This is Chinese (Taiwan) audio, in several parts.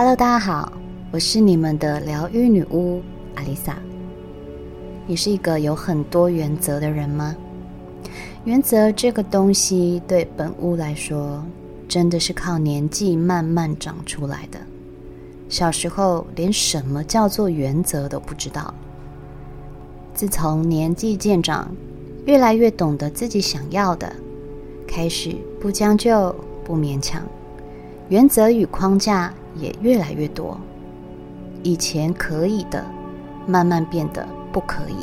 Hello，大家好，我是你們的療癒女巫阿麗莎，你是一個有很多原則的人嗎？原則這個東西，對本巫來說，真的是靠年紀慢慢長出來的。小時候連什麼叫做原則都不知道。自從年紀漸長，越來越懂得自己想要的，開始不將就不勉強。原則與框架，也越來越多，以前可以的，慢慢變得不可以。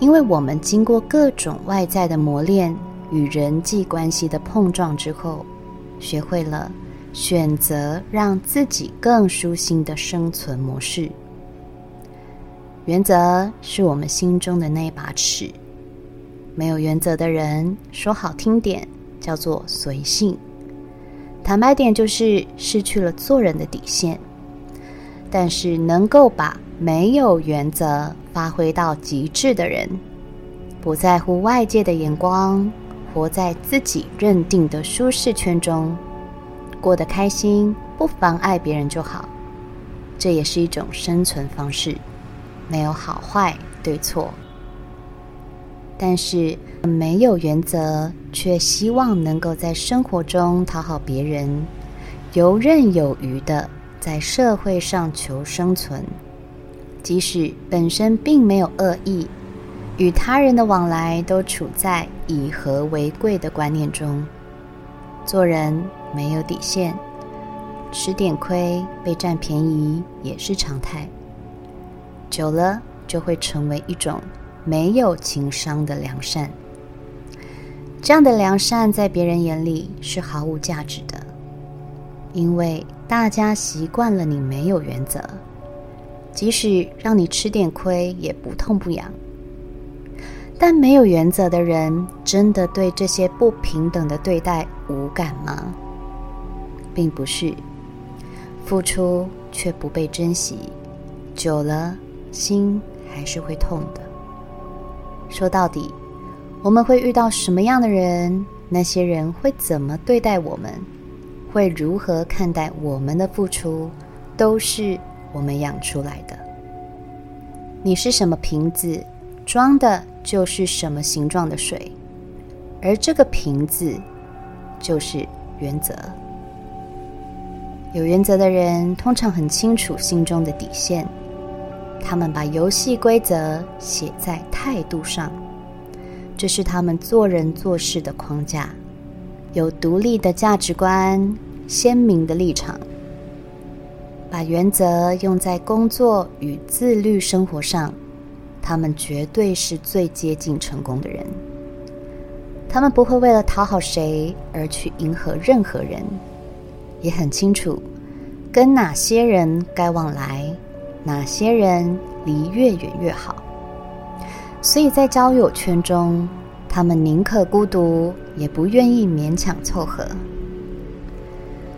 因為我們經過各種外在的磨練與人際關係的碰撞之後，學會了選擇讓自己更舒心的生存模式。原則是我們心中的那把尺，沒有原則的人，說好聽點叫做隨性。坦白點就是失去了做人的底線，但是能夠把沒有原則發揮到極致的人，不在乎外界的眼光，活在自己認定的舒適圈中，過得開心，不妨礙別人就好，這也是一種生存方式，沒有好壞對錯。但是沒有原則，卻希望能夠在生活中討好別人，游刃有餘地在社會上求生存。即使本身並沒有惡意，與他人的往來都處在以和為貴的觀念中，做人沒有底線，吃點虧、被占便宜也是常態。久了就會成為一種。沒有情商的良善，這樣的良善在別人眼裡是毫無價值的，因為大家習慣了你沒有原則，即使讓你吃點虧也不痛不癢。但沒有原則的人，真的對這些不平等的對待無感嗎？並不是，付出卻不被珍惜，久了心還是會痛的。說到底，我們會遇到什麼樣的人？那些人會怎麼對待我們？會如何看待我們的付出？都是我們養出來的。你是什麼瓶子，裝的就是什麼形狀的水。而這個瓶子，就是原則。有原則的人，通常很清楚心中的底線。他們把遊戲規則寫在態度上，這是他們做人做事的框架，有獨立的價值觀，鮮明的立場，把原則用在工作與自律生活上，他們絕對是最接近成功的人。他們不會為了討好誰而去迎合任何人，也很清楚跟哪些人該往來。哪些人離越遠越好？所以在交友圈中，他們寧可孤獨，也不願意勉強湊合。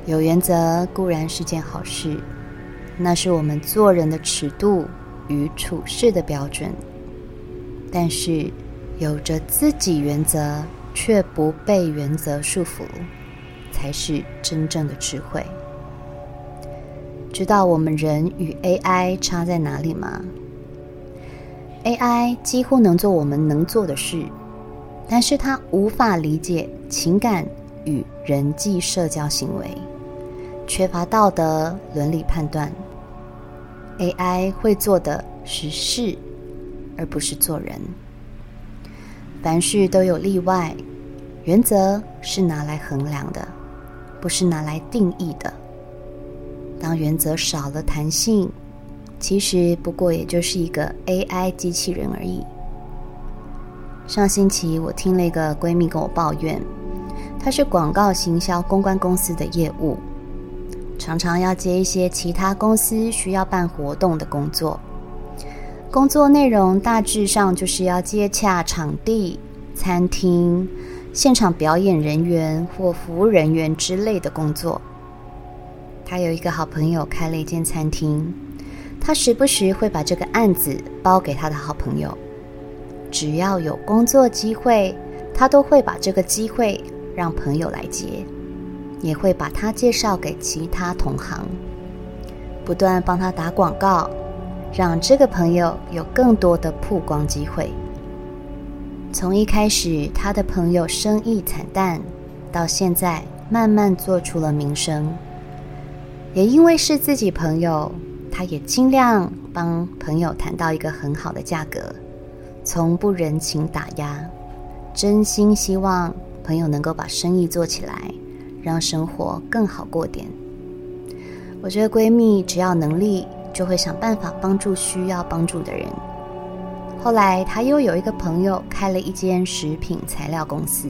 有原則固然是件好事，那是我們做人的尺度與處世的標準。但是，有着自己原則卻不被原則束縛，才是真正的智慧。知道我們人與 AI 差在哪裡嗎？AI 幾乎能做我們能做的事，但是它無法理解情感與人際社交行為，缺乏道德倫理判斷。AI 會做的是事，而不是做人。凡事都有例外，原則是拿來衡量的，不是拿來定義的。當原則少了彈性，其實不過也就是一個 AI 機器人而已。上星期我聽了一個閨蜜跟我抱怨，她是廣告行銷公關公司的業務，常常要接一些其他公司需要辦活動的工作，工作內容大致上就是要接洽場地、餐廳、現場表演人員或服務人員之類的工作。他有一個好朋友開了一間餐廳，他時不時會把這個案子包給他的好朋友。只要有工作機會，他都會把這個機會讓朋友來接，也會把他介紹給其他同行，不斷幫他打廣告，讓這個朋友有更多的曝光機會。從一開始他的朋友生意慘淡，到現在慢慢做出了名聲。也因為是自己朋友，她也盡量幫朋友談到一個很好的價格，從不人情打壓，真心希望朋友能夠把生意做起來，讓生活更好過點。我覺得閨蜜只要能力，就會想辦法幫助需要幫助的人。後來她又有一個朋友開了一間食品材料公司，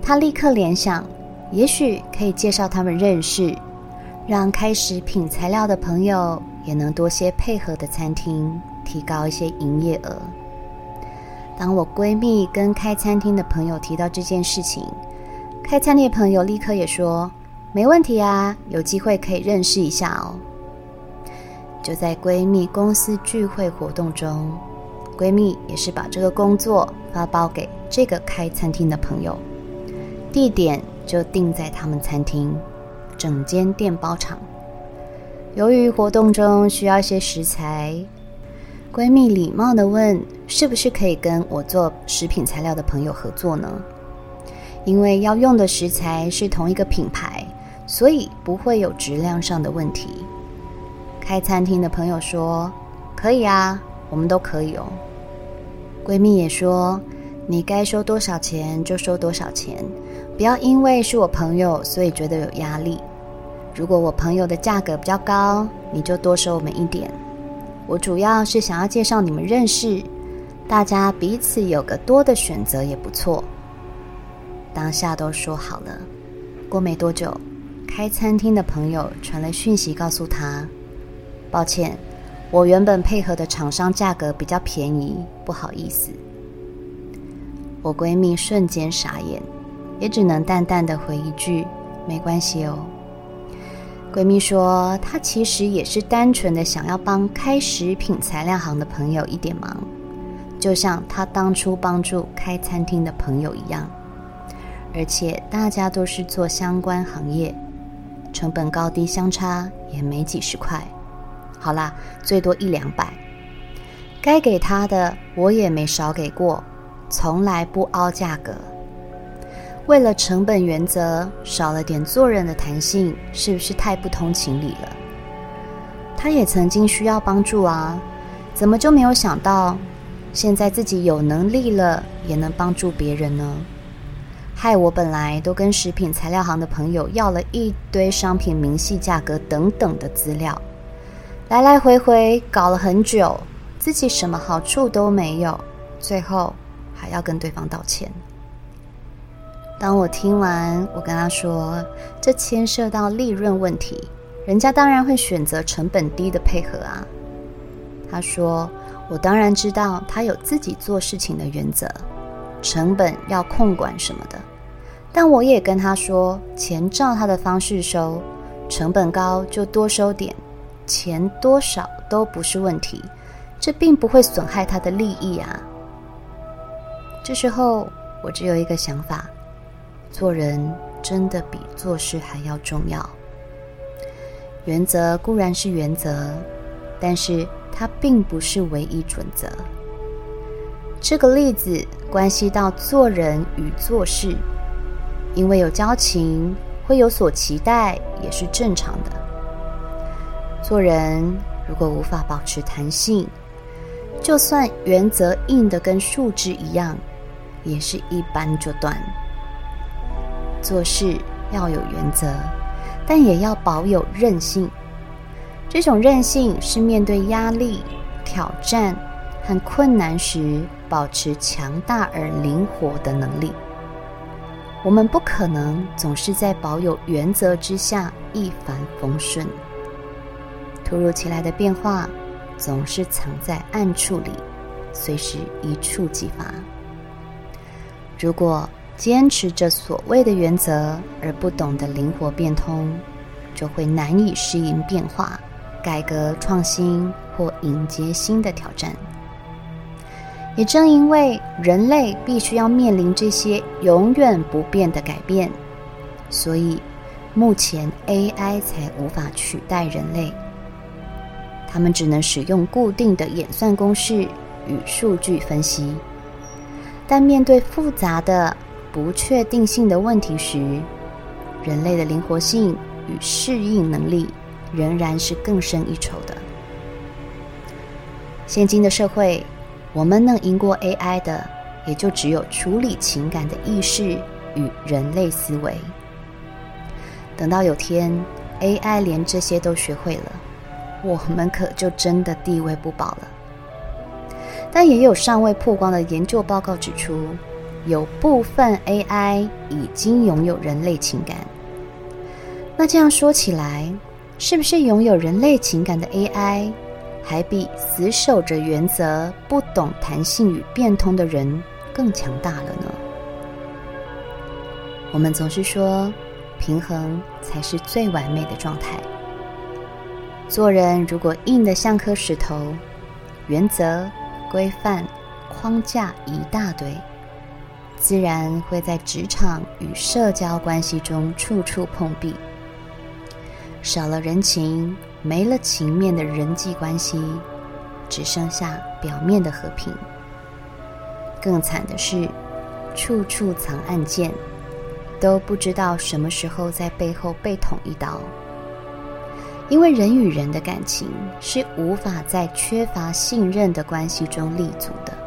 她立刻聯想，也許可以介紹他們認識。讓開食品材料的朋友也能多些配合的餐廳，提高一些營業額。當我閨蜜跟開餐廳的朋友提到這件事情，開餐廳的朋友立刻也說：“沒問題啊，有機會可以認識一下哦。”就在閨蜜公司聚會活動中，閨蜜也是把這個工作發包給這個開餐廳的朋友，地點就定在他們餐廳。整間店包場，由於活動中需要一些食材，閨蜜禮貌地問：“是不是可以跟我做食品材料的朋友合作呢？”因為要用的食材是同一個品牌，所以不會有質量上的問題。開餐廳的朋友說：“可以啊，我們都可以哦。”閨蜜也說：“你該收多少錢就收多少錢，不要因為是我朋友，所以覺得有壓力。”如果我朋友的價格比較高，你就多收我們一點。我主要是想要介紹你們認識，大家彼此有個多的選擇也不錯。當下都說好了，過沒多久，開餐廳的朋友傳了訊息告訴他：“抱歉，我原本配合的廠商價格比較便宜，不好意思。”我閨蜜瞬間傻眼，也只能淡淡地回一句：“沒關係哦。”閨蜜說，她其實也是單純的想要幫開食品材料行的朋友一點忙，就像她當初幫助開餐廳的朋友一樣。而且大家都是做相關行業，成本高低相差也沒幾十塊，好啦，最多一兩百。該給她的我也沒少給過，從來不凹價格。為了成本原則，少了點做人的彈性，是不是太不通情理了？他也曾經需要幫助啊，怎麼就沒有想到，現在自己有能力了，也能幫助別人呢？害我本來都跟食品材料行的朋友要了一堆商品明細、價格等等的資料，來來回回搞了很久，自己什麼好處都沒有，最後還要跟對方道歉。當我聽完，我跟他說，這牽涉到利潤問題，人家當然會選擇成本低的配合啊。他說，我當然知道他有自己做事情的原則，成本要控管什麼的。但我也跟他說，錢照他的方式收，成本高就多收點，錢多少都不是問題，這並不會損害他的利益啊。這時候，我只有一個想法。做人真的比做事還要重要。原則固然是原則，但是它並不是唯一準則。這個例子關係到做人與做事，因為有交情會有所期待，也是正常的。做人如果無法保持彈性，就算原則硬的跟樹枝一樣，也是一掰就斷。做事要有原則，但也要保有韌性。這種韌性是面對壓力、挑戰和困難時保持強大而靈活的能力。我們不可能總是在保有原則之下一帆風順。突如其來的變化總是藏在暗處裡，隨時一觸即發。如果，堅持着所謂的原則，而不懂得靈活變通，就會難以適應變化、改革創新或迎接新的挑戰。也正因為人類必須要面臨這些永遠不變的改變，所以目前 AI 才無法取代人類。他們只能使用固定的演算公式與數據分析，但面對複雜的。不確定性的問題時，人類的靈活性與適應能力仍然是更勝一籌的。現今的社會，我們能贏過 AI 的，也就只有處理情感的意識與人類思維。等到有天 AI 連這些都學會了，我們可就真的地位不保了。但也有尚未曝光的研究報告指出。有部分 AI 已經擁有人類情感，那這樣說起來，是不是擁有人類情感的 AI 還比死守着原則、不懂彈性與變通的人更強大了呢？我們總是說，平衡才是最完美的狀態。做人如果硬得像顆石頭，原則、規範、框架一大堆。自然會在職場與社交關係中處處碰壁，少了人情，沒了情面的人際關係，只剩下表面的和平。更慘的是，處處藏暗箭，都不知道什麼時候在背後被捅一刀。因為人與人的感情是無法在缺乏信任的關係中立足的。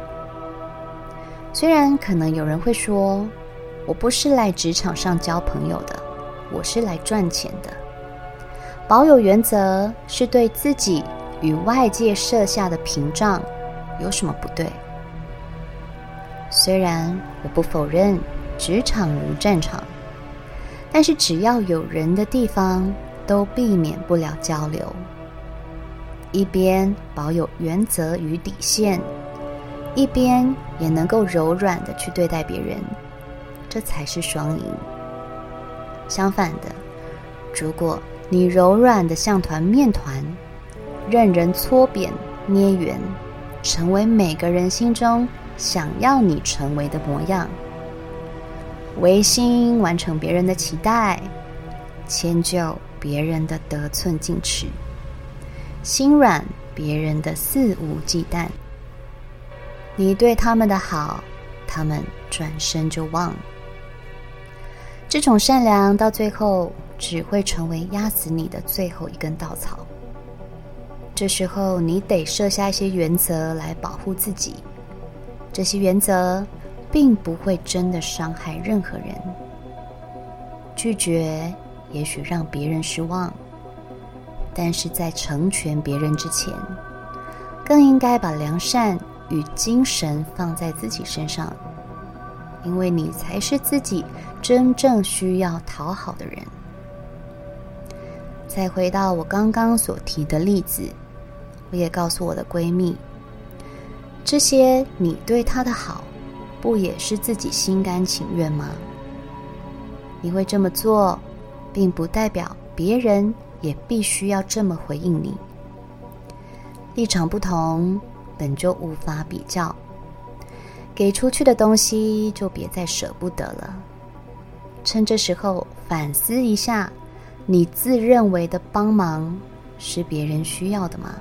雖然可能有人會說，我不是來職場上交朋友的，我是來賺錢的。保有原則是對自己與外界設下的屏障，有什麼不對？雖然我不否認職場如戰場，但是只要有人的地方，都避免不了交流。一邊保有原則與底線，一邊也能夠柔軟的去對待別人，這才是雙贏。相反的，如果你柔軟的像團麵團，任人搓扁、捏圓，成為每個人心中想要你成為的模樣，違心完成別人的期待，遷就別人的得寸進尺，心軟別人的肆無忌憚。你對他們的好，他們轉身就忘了。這種善良到最後只會成為壓死你的最後一根稻草。這時候你得設下一些原則來保護自己，這些原則並不會真的傷害任何人。拒絕也許讓別人失望，但是在成全別人之前，更應該把良善。與精神放在自己身上，因為你才是自己真正需要討好的人。再回到我剛剛所提的例子，我也告訴我的閨蜜，這些你對他的好，不也是自己心甘情願嗎？你會這麼做，並不代表別人也必須要這麼回應你。立場不同，本就無法比較，給出去的東西就別再捨不得了。趁這時候反思一下，你自認為的幫忙是別人需要的嗎？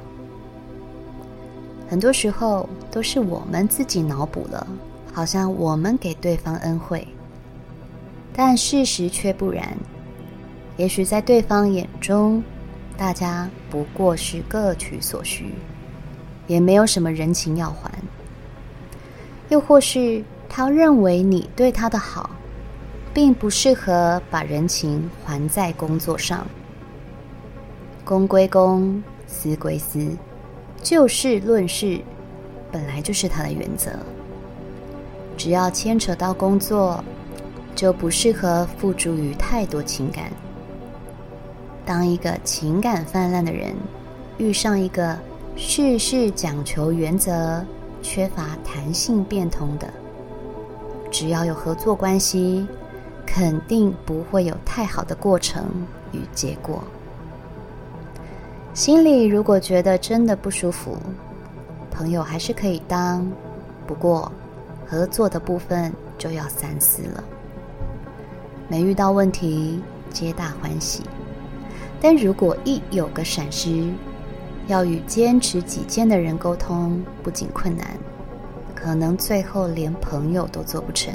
很多時候都是我們自己腦補了，好像我們給對方恩惠，但事實卻不然。也許在對方眼中，大家不過是各取所需。也沒有什麼人情要還，又或是他認為你對他的好，並不適合把人情還在工作上。公歸公，私歸私，就事論事，本來就是他的原則。只要牽扯到工作，就不適合付諸於太多情感。當一個情感泛濫的人，遇上一個事事講求原則，缺乏彈性變通的。只要有合作關係，肯定不會有太好的過程與結果。心裡如果覺得真的不舒服，朋友還是可以當，不過合作的部分就要三思了。沒遇到問題，皆大歡喜；但如果一有個閃失，要與堅持己見的人溝通，不僅困難，可能最後連朋友都做不成。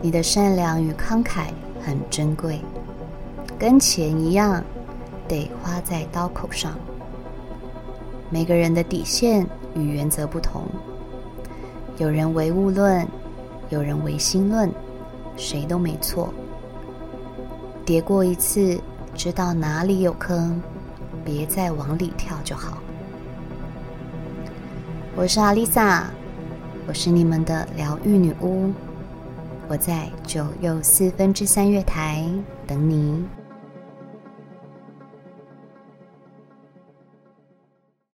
你的善良與慷慨很珍貴，跟錢一樣，得花在刀口上。每個人的底線與原則不同，有人唯物論，有人唯心論，誰都沒錯。跌過一次，知道哪裡有坑。別再往裡跳就好。我是阿麗薩，我是你們的療癒女巫，我在九又四分之三月台等你。